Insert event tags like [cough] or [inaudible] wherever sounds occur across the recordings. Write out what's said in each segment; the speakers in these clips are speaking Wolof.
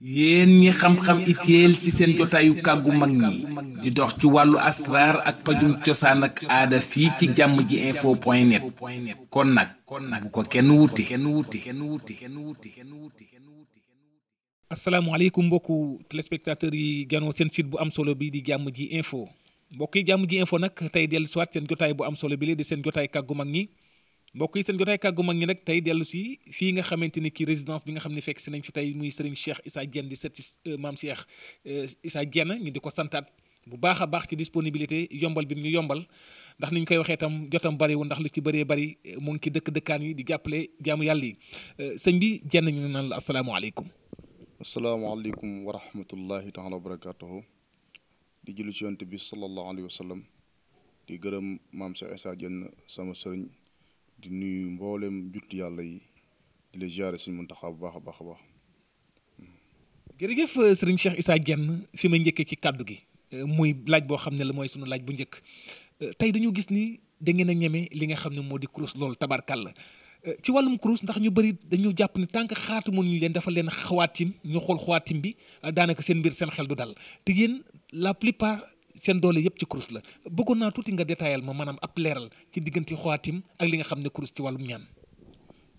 yéen ñi xam-xam itéel ci seen jotaayu kàggu mag ñi di dox ci wàllu asraar ak pajum cosaan ak aada fii ci jàmm ji info point net kon nag bu ko kenn wuti asalaamaaleykum mbokku téléspectateurs yi ganoo seen site bu am solo bi di jàmm ji info mbokk yi jàmm info nag tey dellu siwaat seen jotaay bu am solo bi li di seen jotaay kàggu mag ñi mbokk yi seen jotaay kàggu mag ñi nag tey dellu si fii nga xamante ni ki résidence bi nga xam ni fekk si nañ fi tey muy Serigne Cheikh Issa Diène di seet si euh, maam Cheikh euh, Issa Diène di ko santaat bu baax a baax ci disponibilité yombal bi mu yombal ndax ni koy waxee itam jotam bariwu ndax lu ci bëree bari euh, mu ngi ci dëkk dëkkaan yi di jàppale jaamu yàlla yi sëñ bi Diène naan la asalaamaaleykum. asalaamaaleykum wa rahmatullahi taala wa barakaatuhu di julli ci yonent bi sallallahu alayhi wa sallam di gërëm maam Cheikh Issa Diène sama sëriñ. di nuyu mboolem jullit yàlla yi di la ziare suñu Muntaxa bu baax a baax a baax. jërëjëf euh, sëriñ Cheikh Issa Diène fi may njëkkee ci kàddu gi euh, muy laaj boo xam ne la mooy sunu laaj bu njëkk euh, tey dañu gis ni da ngeen a ñeme li nga xam ne moo di kurus loolu la ci wàllum kurus ndax ñu bëri dañu jàpp ne tant que xaatu mu ñu leen dafa leen xawaatim ñu xool xawaatim bi daanaka seen mbir seen xel du dal te yéen la plupart seen doole yëpp ci kurus la bëggoon naa tuuti nga détaillal ma maanaam ab leeral ci diggante xaatim ak li nga xam ne kurus ci wàllum ñaan.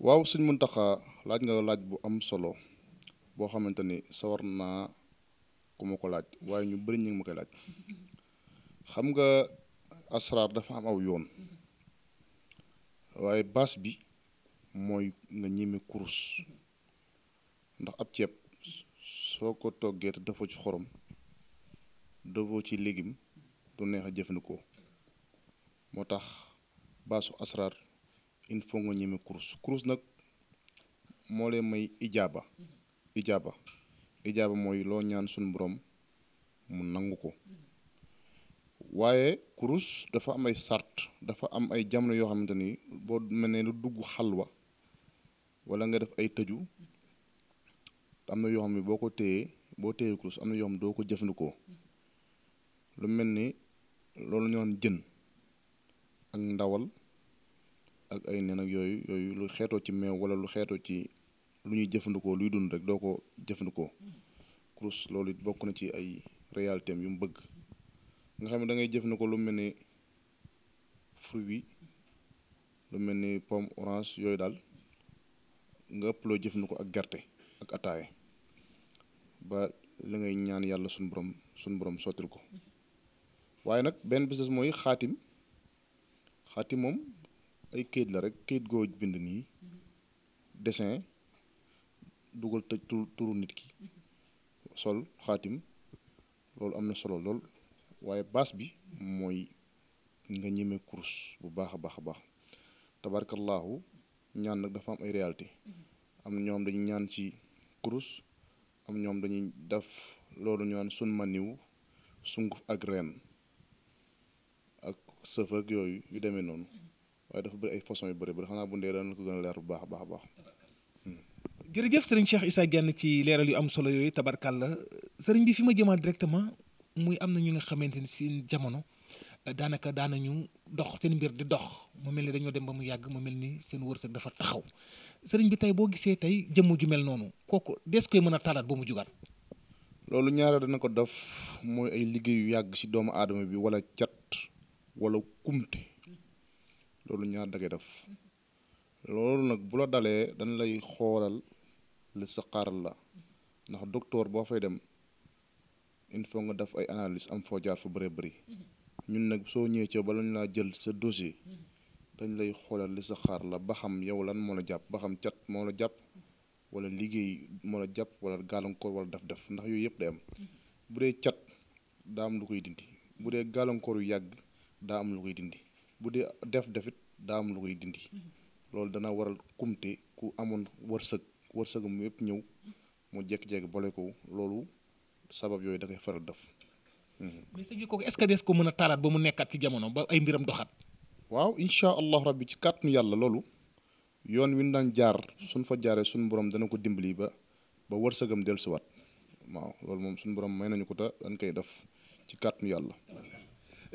waaw suñ Muntaxa laaj nga laaj bu am solo boo xamante ni sawar naa ku ma ko laaj waaye ñu bëri ñu ngi ma koy laaj xam nga asraar dafa am aw yoon waaye baas bi mooy nga ñeme kurus ndax ab ceeb soo ko toggee te dafa ci xorom. defoo ci légume du neex a jëfandikoo moo tax baasu asrar il faut nga ñeme kurus kurus nag moo lay may ijaaba ijaaba ijaaba mooy loo ñaan suñu boroom mu nangu ko waaye kurus dafa am ay sart dafa am ay jamono yoo xamante ni boo mel ne lu dugg xalwa wala nga def ay tëju am na yoo xam ne boo ko téyee boo téyee kurus am na yoo xam ne doo ko jëfandikoo lu mel ni loolu ñu jën ak ndawal ak ay nen ak yooyu yooyu lu xeetoo ci meew wala lu xeetoo ci lu ñuy jëfandikoo luy dund rek doo ko jëfandikoo kurus loolu bokk na ci ay réalité yu mu bëgg nga xam ne da ngay jëfandikoo lu mel ni fruit bi lu mel ni pomme orange yooyu daal nga ëpp loo jëfandikoo ak gerte ak ataaye ba li ngay ñaan yàlla suñu borom suñu borom sottil ko. waaye nag benn business mooy xaatim xaatim moom ay kayit la rek kayit goo bind nii desin dugal tëj turu nit ki sol xaatim loolu am na solo lool waaye baas bi mooy nga ñeme course bu baax a baax a baax tabarkallaahu ñaan nag dafa am ay réalité am ñoom dañuy ñaan ci course am ñoom dañuy def loolu ñaan sun maniw sunguf ak reen sëf ak yooyu yu demee noonu waaye ay façon yu bëri ba xanaa bu ndee daan ko gën a leer bu baax baax baax. Hmm. jërëjëf sëriñ Cheikh Issa Diène ci leeral yu am solo yooyu tabarkal la sëriñ bi fi ma jëmaat directement muy am na ñu nga xamante ni seen jamono daanaka daanañu dox seen mbir di dox mu mel ni dañoo dem ba mu yàgg mu mel ni seen wërsëg dafa taxaw sëriñ bi tey boo gisee tey jëmm ju mel noonu kooku des koy mën a talaat ba mu jugaat. loolu ñaareel dana ko def mooy ay liggéey yu yàgg ci doomu aadama bi wala cat. wala kumte loolu ñaar da koy def loolu nag bu la dalee dañ lay xoolal li sa xaaral la ndax docteur boo fay dem il faut nga def ay analyse am foo jaar fu bëree bari ñun nag soo ñëwee ca bala ñu jël sa dossier dañ lay xoolal li sa xaar la ba xam yow lan moo la jàpp ba xam cat moo la jàpp wala liggéey moo la jàpp wala gàllankoor walla def-def ndax yooyu yëpp day am bu dee cat daa am lu koy dindi bu dee gàllankoor yu yàgg. daa am lu koy dindi bu dee def defit daa am lu koy dindi mm-hmm. loolu dana waral kumte ku amoon wërsëg wërsëgam yëpp ñëw mu jékki-jékki boole ko loolu sabab yooyu da koy faral def. Mm-hmm. mais sëñ bi ce que des ko mën a taalaat ba mu nekkaat ci jamono ba ay mbiram doxaat. waaw incha allah rabbi ci kàttanu yàlla loolu yoon wi ñu daan jaar suñ fa jaaree suñu borom dana ko dimbali ba ba wërsëgam dellusiwaat waaw loolu moom suñu borom may nañu ko te dañ koy def ci kàttanu yàlla.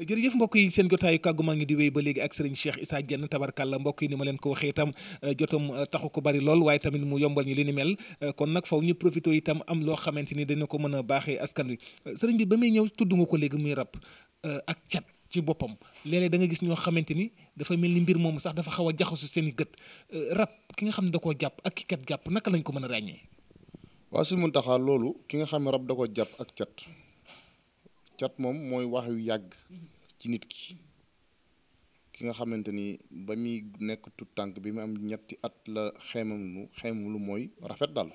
jërëjëf mbokk yi seen jotaayu kàggu maa ngi di wéy ba léegi ak sëriñ Cheikh Issa Diène la mbokk yi ni ma leen ko waxee itam euh, jotam euh, taxu ko bari lool waaye tamit mu yombal ñu li ni mel euh, kon nag faw ñu profité itam am loo xamante ni dana ko mën a baaxee askan wi sëriñ bi ba muy ñëw tudd ko léegi muy rab ak cat ci boppam léeg-léeg gis ñoo xamante ni dafa mel ni mbir moomu sax dafa xaw a jaxasu seen i gët rab ki nga xam ne da koo jàpp ak ki jàpp naka lañ ko mën a ràññee. waaw si mun taxaa loolu ki nga xam ne rab da ko jàpp ak cat cat moom mooy wax yu yàgg ci nit ki ki nga xamante ni ba muy nekk tut tànk bi mu am ñetti at la xeemam lu xeemam lu mooy rafet daal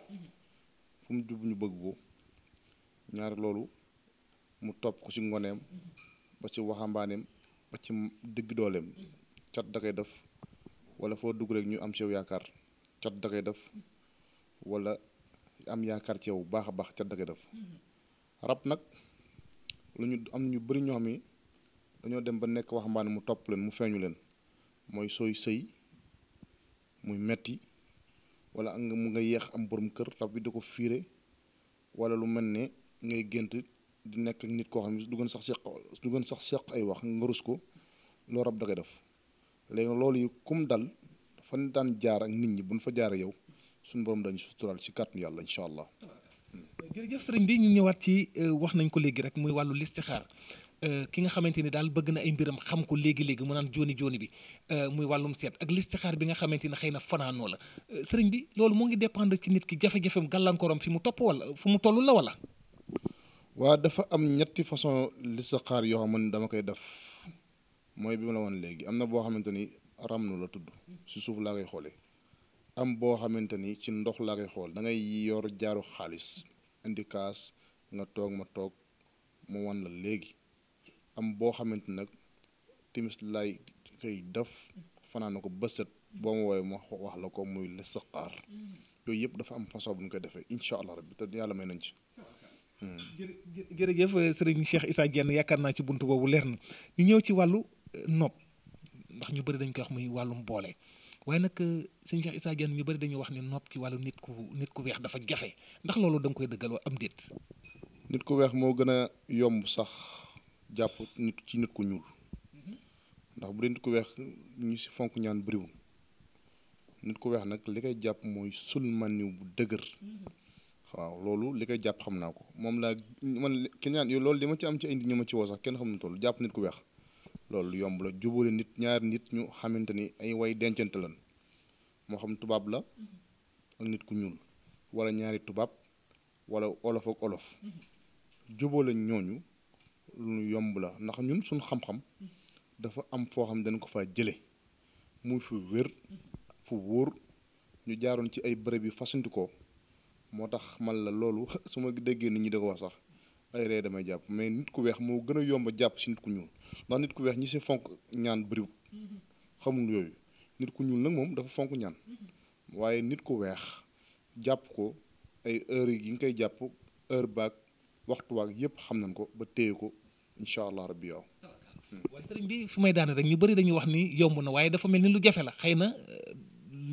fu mu jub ñu bëgg ko ñaari loolu mu topp ko ci ngoneem ba ci waxambaaneem ba ci dëgg dooleem cat da def wala foo dugg rek ñu am ci yaakaar cat da def wala am yaakaar ci yow baax a baax cat da koy def rab nag lu ñu am na ñu bëri ñoo xam ni dañoo dem ba nekk waxambaane mu topp leen mu feeñu leen mooy sooy sëy muy metti wala nga mu nga yeex am borom kër rab bi da ko fiire wala lu mel ne ngay gént di nekk ak nit koo xam ne du gën sax seq du gën sax seq ay wax nga rus ko loo rab da def léegi loolu yi kum dal fan daan jaar ak nit ñi buñ fa jaar yow suñu borom dañu suturaal ci kàttu yàlla incha allah jërëjëf sëriñ bi ñu ñëwaat ci euh, wax nañ ko léegi rek muy wàllu listixaar euh, ki nga xamante ni daal bëgg na ay mbiram xam ko léegi-léegi mu naan jooni jóoni bi euh, muy wàllum seet ak listixaar bi nga xamante ni xëy na fanaanoo la sëriñ bi loolu moo ngi dépendre ci nit ki jafe-jafem gàllankooram fi mu topp wala fu mu toll la wala waa dafa am ñetti façon listixaar yoo xam ne dama koy def mooy bi ma la woon léegi am na boo xamante ni ramnu la tudd si suuf laa koy xoolee am boo xamante ni ci ndox laa koy xool da ngay yor jaaru xaalis indi kaas nga toog ma toog mu wan la léegi am boo xamante nag timis lay koy def fanaan na ko bësët boo ma woowee ma wax la ko muy listixaar yooyu yëpp dafa am façon bu ñu koy defee incha allah rabbi te yàlla may nañ ci hmm. jërëjëf eh, sëriñ Cheikh Issa Diène yaakaar naa ci bunt boobu leer na ñu ñëw ci wàllu eh, nopp ndax ñu bëri dañ koy wax muy wàllum boole waaye nag euh, sëñ Cheikh Issa Diène ñu bëri dañuy wax ne nopp ci wàllu nit ku nit weex dafa jafe ndax loolu danga koy dëggal am déet. nit ku weex moo gën a yomb sax jàpp nit ci nit ku ñuul ndax bu dee nit ku weex ñu si fonk ñaan bëriwul nit ku weex nag li koy jàpp mooy sulmaniw bu dëgër waaw loolu li koy jàpp xam naa ko moom laa man ki ñaan yow loolu li ma ci am ci indi ñu ma ci woo sax kenn xam na toll jàpp nit ku weex loolu yomb la jubale nit ñaari nit ñu xamante ni ay way dencante lan moo xam tubaab la ak nit ku ñuul wala ñaari tubaab walla olof ak olof jubale ñooñu lu yomb la ndax ñun suñ xam-xam dafa am foo xam dañ ko fa jële muy fu wér fu wóor ñu jaaroon ci ay bërëb yu fasanti ko moo tax man la loolu [laughs] su ma déggee nit ñi da wax sax ay ree damay jàpp mais nit ku weex moo gën a yomb jàpp si nit ku ñuul ndax nit ku weex ñi si fonk ñaan bëriwut xamuñ yooyu nit ku ñuul nag moom dafa fonk ñaan waaye nit ku weex jàpp ko ay heure yi nga koy jàpp heure baag waxtu yëpp xam nañ ko ba ko incha allah yow. waaye bi fu may daane rek ñu bëri dañuy wax ni yomb na waaye dafa mel ni lu jafe la xëy na eh,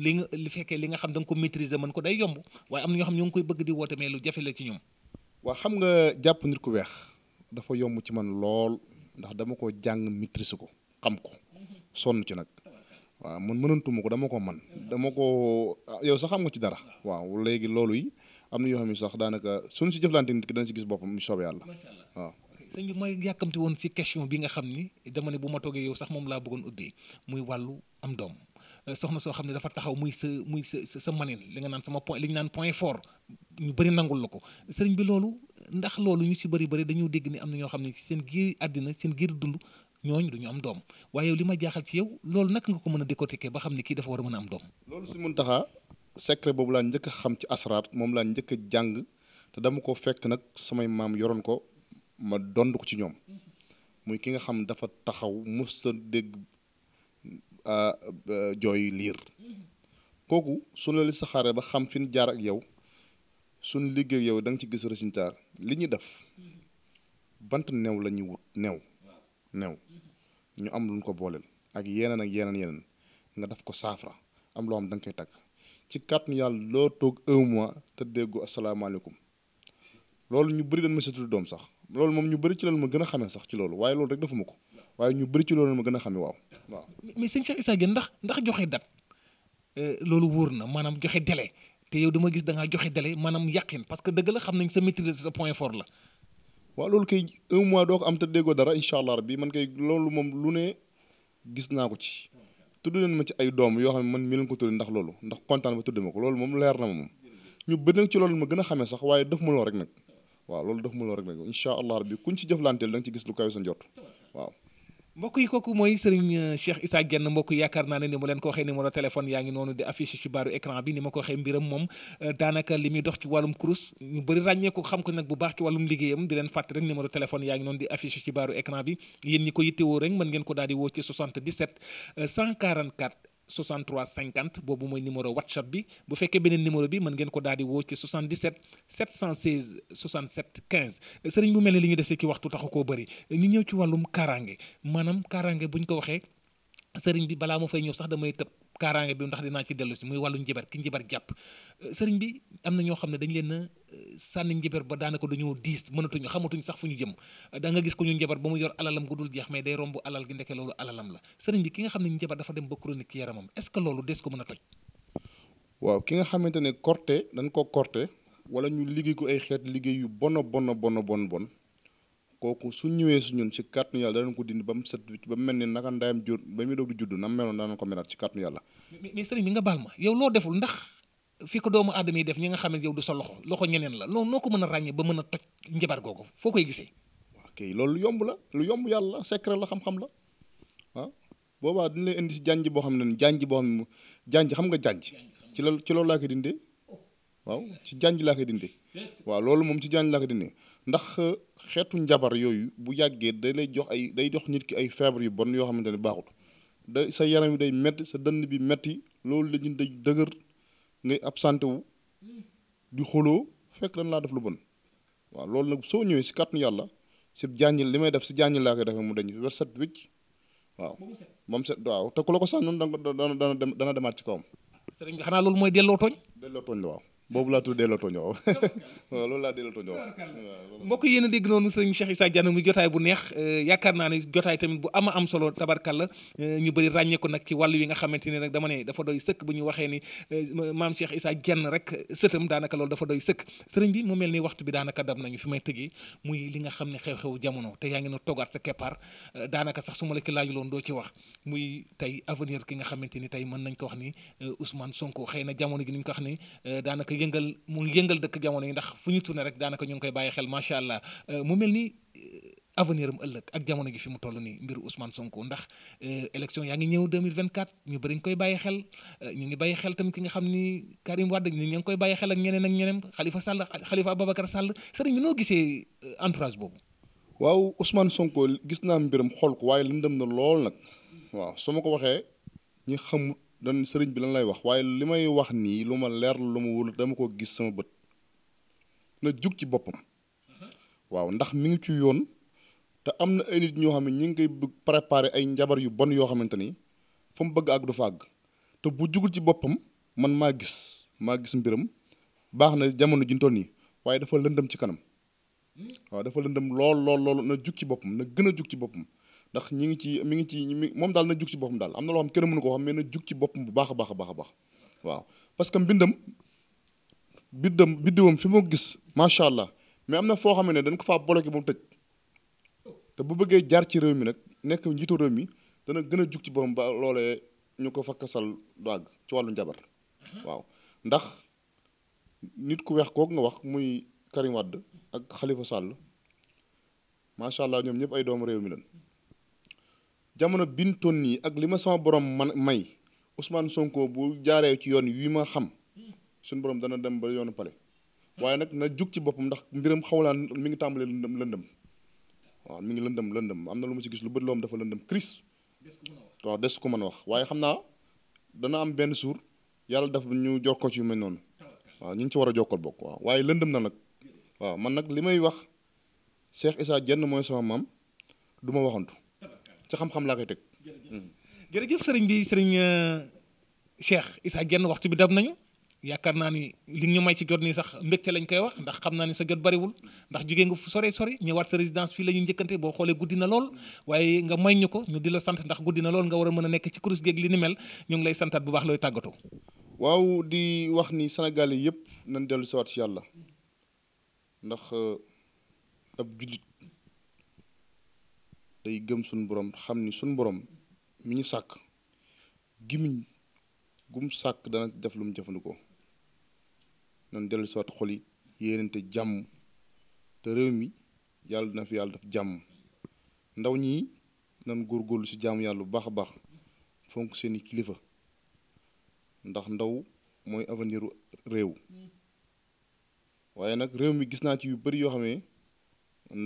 li nga li fekkee li nga xam da ko maîtriser mën ko day yomb waaye am na ñoo xam ñu ngi koy bëgg di woote mais lu jafe la ci ñoom. waa xam nga jàpp nit ku weex dafa yomb ci man lool. ndax dama ko jàng maîtrise ko xam ko sonn ci nag waaw man mënantuma ko dama ko man dama ko yow sax am nga ci dara waaw léegi loolu yi am na yoo xam ni sax daanaka suñ si jëflante nit ki dana si gis boppam mu soobee yàlla waaw sëñ bi may yàkkamti woon si question bi nga xam ni dama ne bu ma toogee yow sax moom laa bëggoon ubbi muy wàllu am doom soxna soo xam ne dafa taxaw muy sa muy sa sa maneen li nga naan sama point li ñu naan point fort ñu bëri nangul la ko sëriñ bi loolu ndax loolu ñu ci bëri bëri dañu dégg ni am na ñoo xam ne seen giir àddina seen giir dund ñooñu du ñu am doom waaye li ma jaaxal ci yow loolu naka nga ko mën a décortiquer ba xam ne kii dafa war a mën a am doom. loolu si mun taxaa secret boobu laa njëkk a xam ci asraar moom laa njëkk a jàng te dama ko fekk nag samay maam yoroon ko ma dond ko ci ñoom muy ki nga jooy liir kooku suñu la saxaaree ba xam fi jaar ak yow suñu liggéey yow da nga ci gis résultat li ñuy def bant new la ñuy wut new new ñu am luñ ko booleel ak yeneen ak yeneen yeneen nga def ko saafara am loo xam da koy takk ci kàttanu yàlla loo toog un mois te déggu asalaamaaleykum loolu ñu bëri dañ ma doom sax loolu moom ñu bëri ci loolu ma gën a xamee sax ci loolu waaye loolu rek defuma ko waaye ñu bëri ci loolu ma gën a xamee waaw. waaw mi sëñ Cheikh Issa Diène ndax ndax joxe date euh, loolu wóor na maanaam joxe délai te yow dama gis da joxe délai maanaam yàqin parce que dëgg la xam nañ sa maîtrise sa point fort la. waaw loolu kay un mois doo am te déggoo dara incha allah man kay loolu moom lu ne gis naa ko ci. tudd leen ma ci ay doom yoo xam ne man mi leen ko tudd ndax loolu ndax kontaan ba ko loolu moom leer na ma moom. ci loolu ma gën a xamee sax waaye daf ma rek nag. waaw loolu daf ma loo rek nag incha allah bi kuñ ci jëflanteel da nga ci gis lu kawe sa njort waaw. mbokk yi kooku mooy Serigne euh, Cheikh Issa Diène mbokk yaakaar naa ne ni mu leen ko waxee numéro téléphone yaa ngi noonu di affiché ci baaru écran bi ni ma ko waxee mbiram moom euh, daanaka li muy dox ci wàllum kurus ñu bëri ràññeeku xam ko nag bu baax ci wàllum liggéeyam di leen fàtt rek numéro téléphone yaa ngi noonu di affiché ci baaru écran bi yéen ñi ko yittewoo rek mën ngeen ko daal di woo ci 77 144 euh, 63 50 boobu mooy numéro whatsapp bi bu fekkee beneen numéro bi mën ngeen ko daal di woo ci 77 716 67 15 sëriñ bu mel ne li ñu desee ci waxtu taxu ko bari ñu ñëw ci wàllum kaaraange maanaam kaaraange bu ñu ko waxee sëriñ bi balaa ma fay ñëw sax damay tëb kaaraange bi ndax dinaa ci dellu si muy wàllu njibar ki njibar jàpp euh, sëriñ bi am na ñoo xam ne dañ leen a euh, sànni njibar ba daanaka dañoo diis mënatuñu xamatuñu sax fu ñu jëm da nga gis ko ñu njibar ba mu yor alalam gu dul jeex mais day romb alal gi ndeke loolu alalam la sëriñ bi ki nga xam ne njibar dafa dem ba chronique ci yaramam est ce que loolu des ko mën a toj waaw ki nga xamante ne corté dañ ko corté wala ñu liggéey ko ay xeet liggéey yu bon bon bon bon bon kooku su ñëwee su ñun ci kàttanu yàlla danañ ko dindi ba mu set ba mu mel ni naka ndaayam jur ba muy doog di judd na mu meloon danañ ko melaat ci kàttanu yàlla. mais sëriñ bi nga baal ma yow loo deful ndax fi ko doomu aadama yi def ñi nga xam ne yow du sa loxo loxo ñeneen la loolu noo ko mën a ràññee ba mën a toj njabar googu foo koy gisee. waaw loolu lu yomb la lu yomb yàlla secret la xam-xam la ah boobaa dañ lay indi si janj boo xam ne janj boo xam xam nga janj ci la ci loolu laa ko dindee oh. waaw ci janj laa ko dindee waaw loolu moom ci janj laa ko dindee ndax euh, xeetu njabar yooyu bu yàggee day lay jox ay day jox nit ki ay feebar yu bon yoo xamante ne baaxut da sa yaram yi day metti sa dënn bi metti loolu la ñuy day dëgër ngay ab wu di xoloo fekk dañ laa def lu bon waaw loolu nag soo ñëwee si kàttanu yàlla si jànjil li may def si jànjil laa koy defee mu dañ set wicc waaw moom set waaw te ku la ko sax noonu dana dana dana demaat ci kawam. sëriñ bi xanaa loolu mooy delloo tooñ. delloo tooñ la waaw. boobu laa tudd delloo toñoo [laughs] waaw loolu laa delloo toñoo mbokk yéen a dégg noonu sëñ Cheikh Issa Diagne mu jotaay bu neex euh, yaakaar naa ne jotaay tamit bu ama am solo tabarkalla euh, ñu bëri ràññee nag ci wàll wi nga xamante ni nag dama ne dafa doy sëkk bu ñu waxee ni euh, maam Cheikh Issa Diagne rek sëtam daanaka loolu dafa doy sëkk sëriñ bi mu mel ni waxtu bi daanaka dab nañu fi may tëgee muy li nga xam ne xew-xew jamono te yaa ngi na togaat sa keppaar daanaka sax suma ma la ki laajuloon doo ci wax muy tey avenir ki nga xamante ni tey mën nañ ko wax ni Ousmane Sonko xëy na jamono gi niñ ko wax ni yëngal mu ngi yëngal dëkk jamono yi ndax fu ñu tourné rek daanaka ñu ngi koy bàyyi xel macha allah euh, mu mel ni euh, avenir am ëllëg ak jamono gi fi mu toll nii mbiru Ousmane Sonko ndax euh, élection yaa ngi ñëw 2024 ñu bëri ñu koy bàyyi xel ñu ngi bàyyi xel tamit ki nga xam ni Karim Wade ñu ngi koy bàyyi xel ak ñeneen ak ñeneen Khalifa Sall Khalifa Ababacar Sall sëriñ bi noo gisee entourage boobu. waaw Ousmane Sonko gis naa mbiram xool ko waaye lëndëm na lool nag waaw dan sëriñ bi lan lay wax waaye li may wax nii lu ma leer lu ma wóolu dama ko gis sama bët na jug ci boppam waaw ndax mi ngi ci yoon te am na ay nit ñoo xam ne ñu ngi koy bëgg préparer ay njabar yu bon yoo xamante ni fa mu bëgg ak du fa àgg te bu jugul ci boppam man maa gis maa gis mbiram baax na jamono ji ñu yi nii waaye dafa lëndëm ci kanam hmm. waaw dafa lëndëm lool lool lool na jug ci boppam na gën a jug ci boppam ndax ñi ngi ci mi ngi ci moom daal na jug ci boppam daal am na loo xam kenn mënu ko xam mais na jug ci boppam bu baax a baax a baax waaw parce que mbindam biddam biddewam fi ma gis macha allah mais na foo xam ne dañ ko faa bloqué moom tëj bu bëggee jaar ci réew mi nag nekk njiitu réew mi dana gën a jug ci boppam ba loolee ñu ko fakkasal du àgg ci wàllu njabar waaw ndax nit ku weex kooku nga wax muy Karim ak Khalifa Sall macha allah ñoom ñëpp ay doomu réew mi lañ jamono bin toon nii ak li ma sama borom man may Ousmane Sonko bu jaaree ci yoon yi ma xam suñ borom dana dem ba yoonu pale waaye nag na jug ci boppam ndax mbiram xawlaan mi ngi tàmbalee lëndëm lëndëm waaw mi ngi lëndëm lëndëm am na lu ma ci gis lu bët loom dafa lëndëm cris waaw des ko mën a wax waaye xam naa dana am benn suur yàlla daf ñu jokkoo ci yu mel noonu waaw ñu ngi ci war a jokkal bokk waaw waaye lëndëm na nag waaw man nag li may wax Cheikh Issa mooy sama maam du ma waxantu ci xam-xam laa koy teg. jërëjëf sëriñ bi sëriñ euh, i Issa genn waxtu bi dab nañu yaakaar naa ni li ñu may ci jot nii sax mbégte lañ koy wax ndax xam naa ni sa jot bariwul ndax jugee nga fu sore sori ñëwaat sa résidence fii la ñu njëkkante boo xoolee guddi na lool waaye nga may ñu ko ñu di la sant ndax guddi na lool nga war a mën a nekk ci kurus géeg li ni mel ñu ngi lay santaat bu baax looy tàggatoo. waaw di wax ni Sénégal yëpp nañ dellu si waat si yàlla ndax euh, day gëm suñu borom xam ni suñu borom mi ñu sàkk gimiñ gum sàkk dana def lu mu jëfandikoo noonu dellu si waat xol jàmm te réew mi yàlla dina fi yàlla def jàmm ndaw ñi nan góor góorlu si jàmm yàlla bu baax a baax fonk seeni kilifa ndax ndaw mooy aveniru réew waaye nag réew mi gis naa ci yu bari yoo xam ne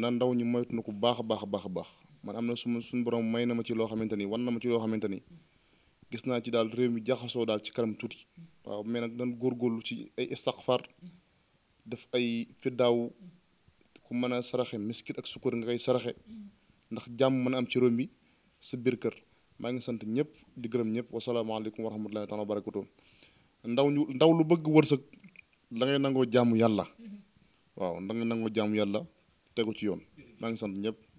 na ndaw ñi moytu na ko baax a baax a baax a baax man am na suma suñu borom may na ma ci loo xamante ni wan na ma ci loo xamante ni gis naa ci daal réew mi jaxasoo daal ci kanam tuuti waaw mais nag dañ góorgóorlu ci ay istaqfar def ay fiddaaw ku mën a saraxe miskit ak sukkur nga koy saraxe ndax jàmm mën a am ci réew mi sa biir kër maa ngi sant ñëpp di gërëm ñëpp wasalaamaaleykum wa rahmatullahi taala wa barakatuh ndaw ñu ndaw lu bëgg wërsëg da ngay nangoo jaamu yàlla mm-hmm. waaw da ngay nangoo jaamu yàlla tegu ci yoon maa ngi sant ñëpp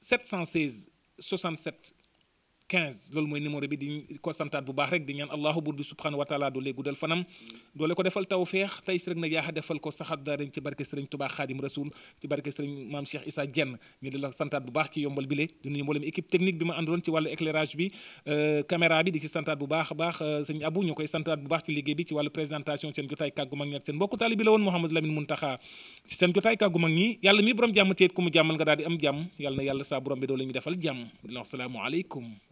716 67 15 loolu mooy numéro bi di ko santaat bu baax rek di ñaan allahu buur bi subhanahu wa doole guddal fanam doole ko defal tawféex tey si rek na yaaxa defal ko saxat daarañ di la santaat bu baax euh, baax a baax euh, sëñ koy santaat bu baax ci liggéey bi ci wàllu présentation seen jotaay kàggu ñi ak seen mbokku taali bi la woon Mouhamadou Lamine Muntaxa ci seen jotaay kàggu ñi yàlla mi borom jàmm teet ku mu jàmmal nga daal di am jàmm yàlla na yàlla saa